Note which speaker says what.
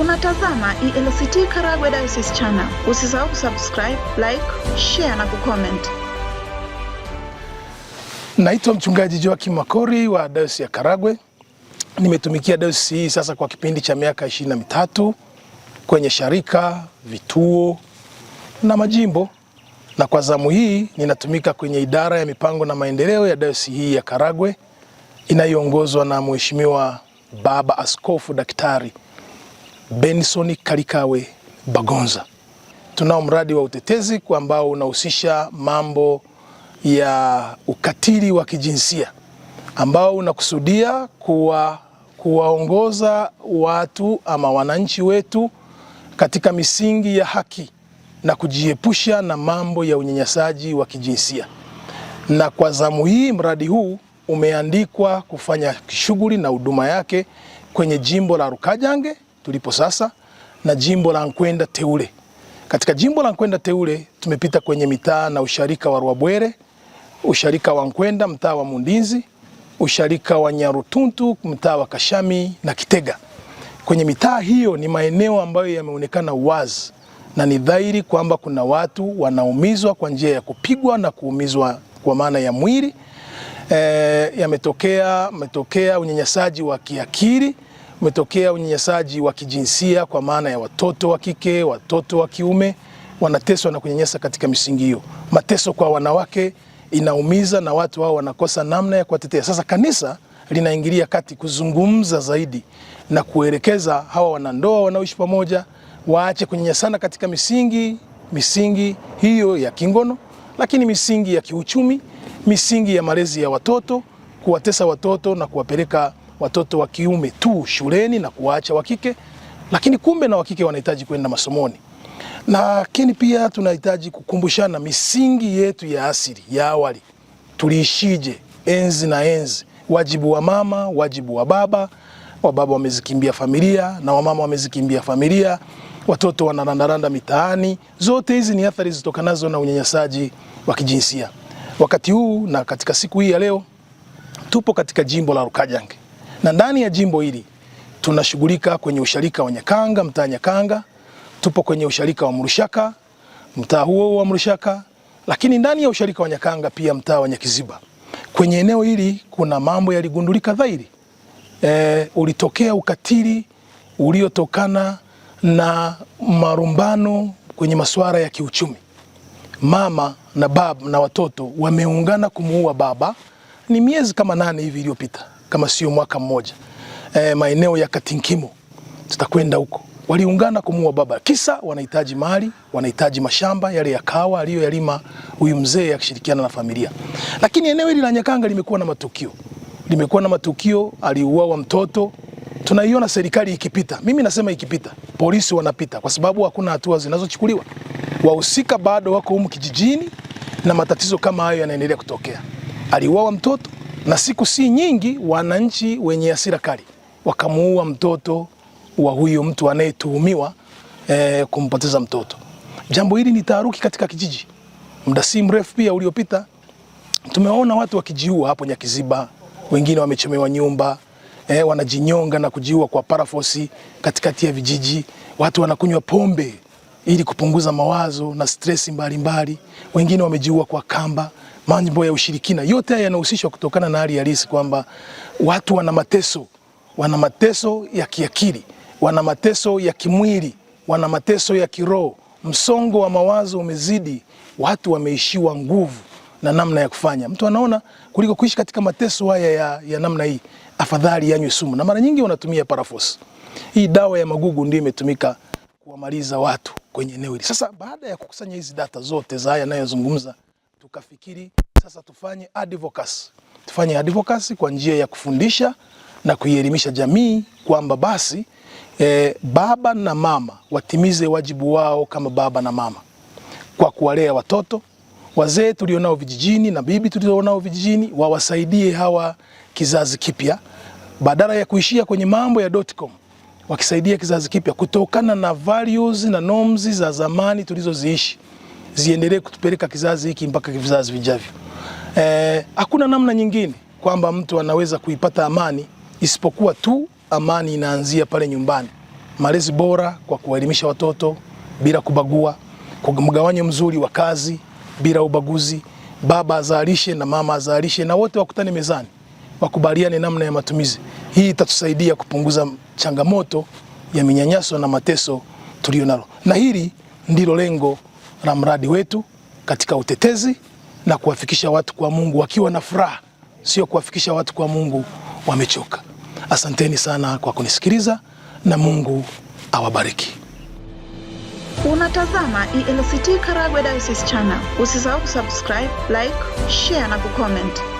Speaker 1: Unatazama ELCT Karagwe Diocese Channel. Usisahau kusubscribe, like, share na kucomment. Naitwa mchungaji Joakim Makori wa Diocese ya Karagwe. Nimetumikia Diocese hii sasa kwa kipindi cha miaka ishirini na mitatu
Speaker 2: kwenye sharika, vituo na majimbo, na kwa zamu hii ninatumika kwenye idara ya mipango na maendeleo ya Diocese hii ya Karagwe inayoongozwa na Mheshimiwa Baba Askofu Daktari Benson Kalikawe Bagonza. Tunao mradi wa utetezi ambao unahusisha mambo ya ukatili wa kijinsia ambao unakusudia kuwa kuwaongoza watu ama wananchi wetu katika misingi ya haki na kujiepusha na mambo ya unyanyasaji wa kijinsia. Na kwa zamu hii mradi huu umeandikwa kufanya shughuli na huduma yake kwenye jimbo la Rukajange tulipo sasa na jimbo la Nkwenda Teule. Katika jimbo la Nkwenda Teule tumepita kwenye mitaa na usharika wa Rwabwere, usharika wa Nkwenda mtaa wa Mundinzi, usharika wa Nyarutuntu mtaa wa Kashami na Kitega. Kwenye mitaa hiyo ni maeneo ambayo yameonekana wazi na ni dhahiri kwamba kuna watu wanaumizwa kwa njia ya kupigwa na kuumizwa kwa maana ya mwili. E, yametokea umetokea unyanyasaji wa kiakili umetokea unyanyasaji wa kijinsia kwa maana ya watoto wa kike, watoto wa kiume wanateswa na kunyanyasa katika misingi hiyo. Mateso kwa wanawake inaumiza na watu wao wanakosa namna ya kuwatetea. Sasa kanisa linaingilia kati kuzungumza zaidi na kuelekeza hawa wanandoa wanaoishi pamoja waache kunyanyasana katika misingi misingi hiyo ya kingono, lakini misingi ya kiuchumi, misingi ya malezi ya watoto, kuwatesa watoto na kuwapeleka watoto wa kiume tu shuleni na kuwaacha wa kike, lakini kumbe na wa kike wanahitaji kwenda masomoni. Lakini pia tunahitaji kukumbushana misingi yetu ya asili ya awali, tuliishije enzi na enzi, wajibu wa mama, wajibu wa baba. Wababa wamezikimbia familia na wamama wamezikimbia familia, watoto wanarandaranda mitaani. Zote hizi ni athari zitokanazo na unyanyasaji wa kijinsia. Wakati huu na katika siku hii ya leo tupo katika jimbo la Rukajange na ndani ya jimbo hili tunashughulika kwenye usharika wa Nyakanga, mtaa Nyakanga, tupo kwenye usharika wa Mrushaka, mtaa huo wa Murushaka, lakini ndani ya usharika wa Nyakanga pia mtaa wa Nyakiziba. Kwenye eneo hili kuna mambo yaligundulika dhahiri. E, ulitokea ukatili uliotokana na marumbano kwenye masuala ya kiuchumi. Mama na babu na watoto wameungana kumuua baba, ni miezi kama nane hivi iliyopita kama sio mwaka mmoja e, maeneo ya Katinkimo tutakwenda huko. Waliungana kumuua baba, kisa wanahitaji mali, wanahitaji mashamba yale ya kawa aliyoyalima huyu mzee akishirikiana na familia. Lakini eneo hili la Nyakanga limekuwa na matukio, limekuwa na matukio, aliuawa mtoto tunaiona serikali ikipita. Mimi nasema ikipita, polisi wanapita, kwa sababu hakuna hatua zinazochukuliwa. Wahusika bado wako humu kijijini na matatizo kama hayo yanaendelea kutokea. Aliuawa mtoto, na siku si nyingi wananchi wenye hasira kali wakamuua mtoto wa huyo mtu anayetuhumiwa e, kumpoteza mtoto. Jambo hili ni taharuki katika kijiji. Muda si mrefu pia uliopita tumeona watu wakijiua hapo Nyakiziba, wengine wamechomewa nyumba e, wanajinyonga na kujiua kwa parafosi katikati ya vijiji. Watu wanakunywa pombe ili kupunguza mawazo na stresi mbalimbali, wengine wamejiua kwa kamba mambo ya ushirikina. Yote haya yanahusishwa kutokana na hali halisi kwamba watu wana mateso, wana mateso ya kiakili, wana mateso ya kimwili, wana mateso ya kiroho. Msongo wa mawazo umezidi, watu wameishiwa nguvu na namna ya kufanya. Mtu anaona kuliko kuishi katika mateso haya ya, ya namna hii, afadhali yanywe sumu, na mara nyingi wanatumia parafos. Hii dawa ya magugu ndio imetumika kuwamaliza watu kwenye eneo hili. Sasa baada ya kukusanya hizi data zote za haya anayozungumza tukafikiri sasa tufanye advocacy. Tufanye advocacy kwa njia ya kufundisha na kuielimisha jamii kwamba basi e, baba na mama watimize wajibu wao kama baba na mama kwa kuwalea watoto wazee tulionao vijijini na bibi tulionao vijijini wawasaidie hawa kizazi kipya, badala ya kuishia kwenye mambo ya dotcom, wakisaidia kizazi kipya kutokana na values na norms za zamani tulizoziishi ziendelee kutupeleka kizazi hiki mpaka vizazi vijavyo. Eh, hakuna namna nyingine kwamba mtu anaweza kuipata amani isipokuwa tu amani inaanzia pale nyumbani, malezi bora kwa kuwaelimisha watoto bila kubagua, kwa mgawanyo mzuri wa kazi bila ubaguzi, baba azalishe na mama azalishe na wote wakutane mezani wakubaliane namna ya matumizi. Hii itatusaidia kupunguza changamoto ya minyanyaso na mateso nalo, na hili ndilo lengo na mradi wetu katika utetezi na kuwafikisha watu kwa Mungu wakiwa na furaha, sio kuwafikisha watu kwa Mungu wamechoka. Asanteni sana kwa kunisikiliza na Mungu awabariki. Unatazama ELCT Karagwe Diocese Channel. Usisahau kusubscribe, like, share na kucomment.